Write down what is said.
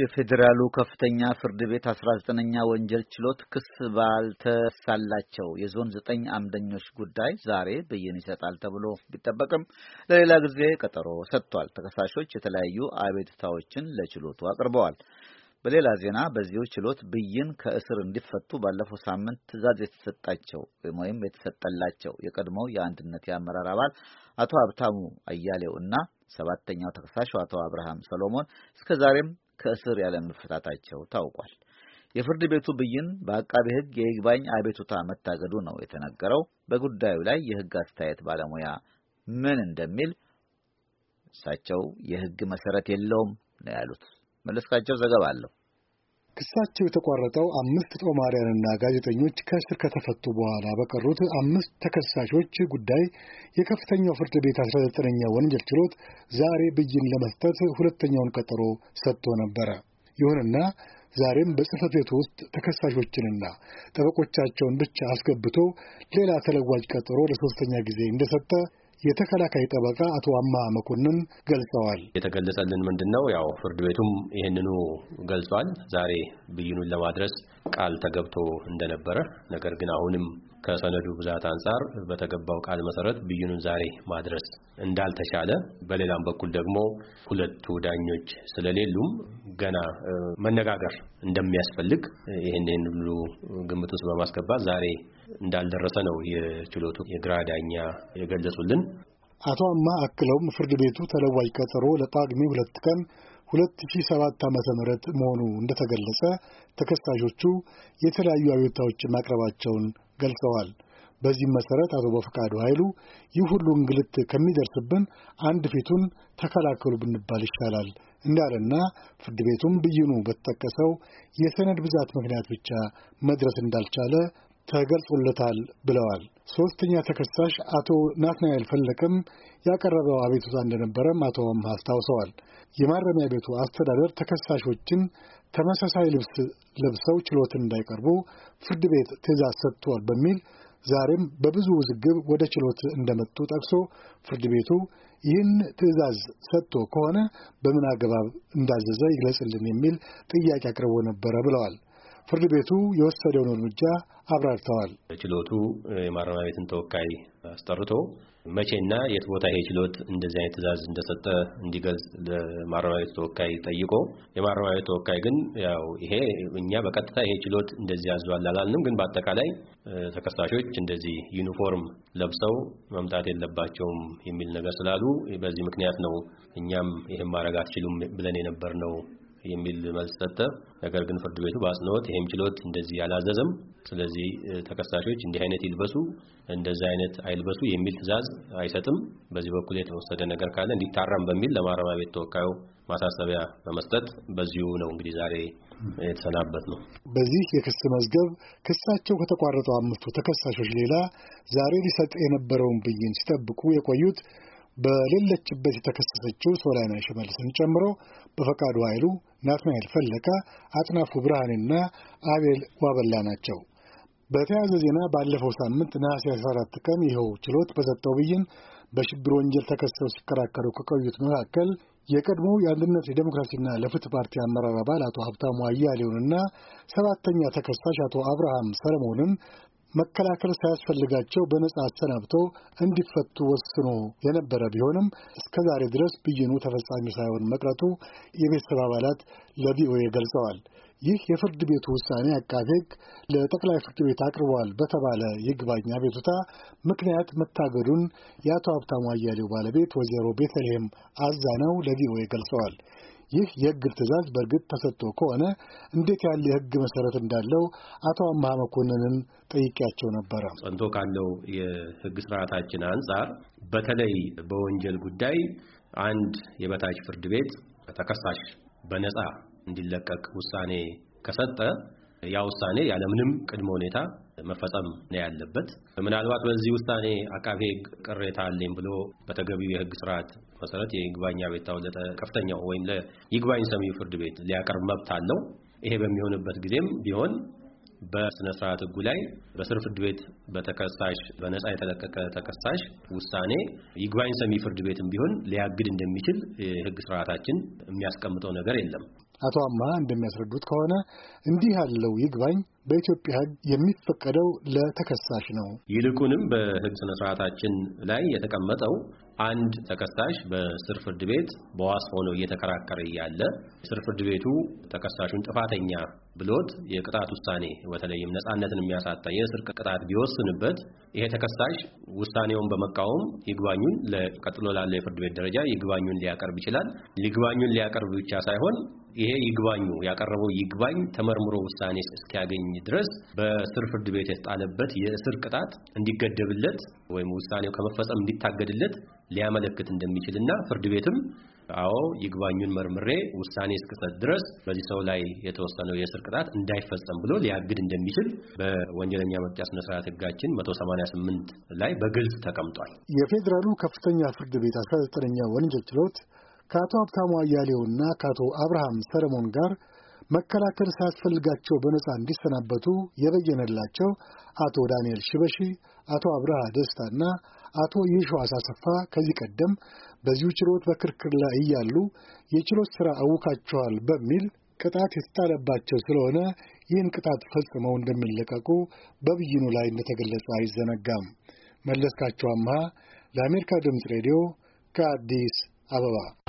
የፌዴራሉ ከፍተኛ ፍርድ ቤት 19ኛ ወንጀል ችሎት ክስ ባልተሳላቸው የዞን ዘጠኝ አምደኞች ጉዳይ ዛሬ ብይን ይሰጣል ተብሎ ቢጠበቅም ለሌላ ጊዜ ቀጠሮ ሰጥቷል። ተከሳሾች የተለያዩ አቤቱታዎችን ለችሎቱ አቅርበዋል። በሌላ ዜና በዚሁ ችሎት ብይን ከእስር እንዲፈቱ ባለፈው ሳምንት ትዕዛዝ የተሰጣቸው ወይም የተሰጠላቸው የቀድሞው የአንድነት የአመራር አባል አቶ ሀብታሙ አያሌው እና ሰባተኛው ተከሳሽ አቶ አብርሃም ሰሎሞን እስከ ዛሬም ከእስር መፈታታቸው ታውቋል። የፍርድ ቤቱ ብይን በአቃቤ ሕግ የይግባኝ አቤቱታ መታገዱ ነው የተነገረው። በጉዳዩ ላይ የሕግ አስተያየት ባለሙያ ምን እንደሚል እሳቸው የሕግ መሰረት የለውም ነው ያሉት። መለስካቸው ዘገባ አለው ክሳቸው የተቋረጠው አምስት ጦማሪያንና ጋዜጠኞች ከእስር ከተፈቱ በኋላ በቀሩት አምስት ተከሳሾች ጉዳይ የከፍተኛው ፍርድ ቤት 19ኛ ወንጀል ችሎት ዛሬ ብይን ለመስጠት ሁለተኛውን ቀጠሮ ሰጥቶ ነበረ። ይሁንና ዛሬም በጽህፈት ቤቱ ውስጥ ተከሳሾችንና ጠበቆቻቸውን ብቻ አስገብቶ ሌላ ተለዋጭ ቀጠሮ ለሶስተኛ ጊዜ እንደሰጠ የተከላካይ ጠበቃ አቶ አማ መኮንን ገልጸዋል። የተገለጸልን ምንድን ነው ያው ፍርድ ቤቱም ይህንኑ ገልጿል። ዛሬ ብይኑን ለማድረስ ቃል ተገብቶ እንደነበረ ነገር ግን አሁንም ከሰነዱ ብዛት አንጻር በተገባው ቃል መሰረት ብይኑን ዛሬ ማድረስ እንዳልተቻለ፣ በሌላም በኩል ደግሞ ሁለቱ ዳኞች ስለሌሉም ገና መነጋገር እንደሚያስፈልግ ይህንን ሁሉ ግምት ውስጥ በማስገባት ዛሬ እንዳልደረሰ ነው የችሎቱ የግራ ዳኛ የገለጹልን። አቶ አማ አክለውም ፍርድ ቤቱ ተለዋጭ ቀጠሮ ለጳጉሜ ሁለት ቀን 2007 ዓመተ ምህረት መሆኑ እንደተገለጸ ተከሳሾቹ የተለያዩ አቤቱታዎች ማቅረባቸውን ገልጸዋል። በዚህም መሰረት አቶ በፈቃዱ ኃይሉ ይህ ሁሉ እንግልት ከሚደርስብን አንድ ፊቱን ተከላከሉ ብንባል ይሻላል እንዳለና ፍርድ ቤቱም ብይኑ በተጠቀሰው የሰነድ ብዛት ምክንያት ብቻ መድረስ እንዳልቻለ ተገልጾለታል ብለዋል። ሶስተኛ ተከሳሽ አቶ ናትናኤል ፈለቀም ያቀረበው አቤቱታ እንደነበረም አቶ አምሃ አስታውሰዋል። የማረሚያ ቤቱ አስተዳደር ተከሳሾችን ተመሳሳይ ልብስ ለብሰው ችሎት እንዳይቀርቡ ፍርድ ቤት ትዕዛዝ ሰጥቷል በሚል ዛሬም በብዙ ውዝግብ ወደ ችሎት እንደመጡ ጠቅሶ ፍርድ ቤቱ ይህን ትዕዛዝ ሰጥቶ ከሆነ በምን አገባብ እንዳዘዘ ይግለጽልን የሚል ጥያቄ አቅርቦ ነበረ ብለዋል። ፍርድ ቤቱ የወሰደውን እርምጃ አብራርተዋል። ችሎቱ የማረሚያ ቤትን ተወካይ አስጠርቶ መቼና የት ቦታ ይሄ ችሎት እንደዚህ አይነት ትዕዛዝ እንደሰጠ እንዲገልጽ ለማረሚያ ቤት ተወካይ ጠይቆ የማረሚያ ቤት ተወካይ ግን ያው ይሄ እኛ በቀጥታ ይሄ ችሎት እንደዚህ ያዟል አላልንም፣ ግን በአጠቃላይ ተከሳሾች እንደዚህ ዩኒፎርም ለብሰው መምጣት የለባቸውም የሚል ነገር ስላሉ በዚህ ምክንያት ነው እኛም ይህም ማድረግ አትችሉም ብለን የነበር ነው የሚል መልስ ሰጠ። ነገር ግን ፍርድ ቤቱ በአጽንኦት ይሄም ችሎት እንደዚህ አላዘዘም፣ ስለዚህ ተከሳሾች እንዲህ አይነት ይልበሱ፣ እንደዚህ አይነት አይልበሱ የሚል ትዕዛዝ አይሰጥም። በዚህ በኩል የተወሰደ ነገር ካለ እንዲታረም በሚል ለማረሚያ ቤት ተወካዩ ማሳሰቢያ በመስጠት በዚሁ ነው እንግዲህ ዛሬ የተሰናበት ነው። በዚህ የክስ መዝገብ ክሳቸው ከተቋረጠው አምስቱ ተከሳሾች ሌላ ዛሬ ሊሰጥ የነበረውን ብይን ሲጠብቁ የቆዩት በሌለችበት የተከሰሰችው ሶሊያና ሽመልስን ጨምሮ በፈቃዱ ኃይሉ፣ ናትናኤል ፈለቀ፣ አጥናፉ ብርሃኔና አቤል ዋበላ ናቸው። በተያያዘ ዜና ባለፈው ሳምንት ነሐሴ 14 ቀን ይኸው ችሎት በሰጠው ብይን በሽብር ወንጀል ተከሰው ሲከራከሩ ከቆዩት መካከል የቀድሞ የአንድነት የዴሞክራሲና ለፍትህ ፓርቲ አመራር አባል አቶ ሀብታሙ አያሌውንና ሰባተኛ ተከሳሽ አቶ አብርሃም ሰለሞንን መከላከል ሳያስፈልጋቸው በነጻ አሰናብተው እንዲፈቱ ወስኖ የነበረ ቢሆንም እስከ ዛሬ ድረስ ብይኑ ተፈጻሚ ሳይሆን መቅረቱ የቤተሰብ አባላት ለቪኦኤ ገልጸዋል። ይህ የፍርድ ቤቱ ውሳኔ አቃቤ ሕግ ለጠቅላይ ፍርድ ቤት አቅርበዋል በተባለ ይግባኝ አቤቱታ ምክንያት መታገዱን የአቶ ሀብታሙ አያሌው ባለቤት ወይዘሮ ቤተልሔም አዛነው ለቪኦኤ ገልጸዋል። ይህ የህግ ትእዛዝ በእርግጥ ተሰጥቶ ከሆነ እንዴት ያለ የህግ መሰረት እንዳለው አቶ አምሃ መኮንንን ጠይቄያቸው ነበረ። ጸንቶ ካለው የህግ ስርዓታችን አንጻር በተለይ በወንጀል ጉዳይ አንድ የበታች ፍርድ ቤት ተከሳሽ በነፃ እንዲለቀቅ ውሳኔ ከሰጠ ያ ውሳኔ ያለምንም ቅድመ ሁኔታ መፈጸም ነው ያለበት። ምናልባት በዚህ ውሳኔ አቃቤ ሕግ ቅሬታ አለኝ ብሎ በተገቢው የህግ ስርዓት መሰረት የይግባኝ አቤቱታውን ለከፍተኛው ወይም ለይግባኝ ሰሚው ፍርድ ቤት ሊያቀርብ መብት አለው። ይሄ በሚሆንበት ጊዜም ቢሆን በስነ ስርዓት ህጉ ላይ በስር ፍርድ ቤት በተከሳሽ በነጻ የተለቀቀ ተከሳሽ ውሳኔ ይግባኝ ሰሚ ፍርድ ቤትም ቢሆን ሊያግድ እንደሚችል የህግ ስርዓታችን የሚያስቀምጠው ነገር የለም። አቶ አማ እንደሚያስረዱት ከሆነ እንዲህ ያለው ይግባኝ በኢትዮጵያ ሕግ የሚፈቀደው ለተከሳሽ ነው። ይልቁንም በሕግ ስነ ስርዓታችን ላይ የተቀመጠው አንድ ተከሳሽ በስር ፍርድ ቤት በዋስ ሆኖ እየተከራከረ እያለ ስር ፍርድ ቤቱ ተከሳሹን ጥፋተኛ ብሎት የቅጣት ውሳኔ በተለይም ነፃነትን የሚያሳጣ የእስር ቅጣት ቢወስንበት ይሄ ተከሳሽ ውሳኔውን በመቃወም ይግባኙን ቀጥሎ ላለው የፍርድ ቤት ደረጃ ይግባኙን ሊያቀርብ ይችላል። ይግባኙን ሊያቀርብ ብቻ ሳይሆን ይሄ ይግባኙ ያቀረበው ይግባኝ ተመርምሮ ውሳኔ እስኪያገኝ ድረስ በስር ፍርድ ቤት የተጣለበት የእስር ቅጣት እንዲገደብለት ወይም ውሳኔው ከመፈጸም እንዲታገድለት ሊያመለክት እንደሚችልና ፍርድ ቤትም አዎ ይግባኙን መርምሬ ውሳኔ እስክሰጥ ድረስ በዚህ ሰው ላይ የተወሰነው የእስር ቅጣት እንዳይፈጸም ብሎ ሊያግድ እንደሚችል በወንጀለኛ መቅጫ ስነ ስርዓት ሕጋችን 188 ላይ በግልጽ ተቀምጧል። የፌዴራሉ ከፍተኛ ፍርድ ቤት 19ኛ ወንጀል ችሎት ከአቶ ሀብታሙ አያሌውና ከአቶ አብርሃም ሰለሞን ጋር መከላከል ሳያስፈልጋቸው በነፃ እንዲሰናበቱ የበየነላቸው አቶ ዳንኤል ሽበሺ፣ አቶ አብርሃ ደስታና አቶ የሸዋስ አሰፋ ከዚህ ቀደም በዚሁ ችሎት በክርክር ላይ እያሉ የችሎት ሥራ አውካችኋል በሚል ቅጣት የተጣለባቸው ስለሆነ ይህን ቅጣት ፈጽመው እንደሚለቀቁ በብይኑ ላይ እንደተገለጸ አይዘነጋም። መለስካቸው አምሃ ለአሜሪካ ድምፅ ሬዲዮ ከአዲስ አበባ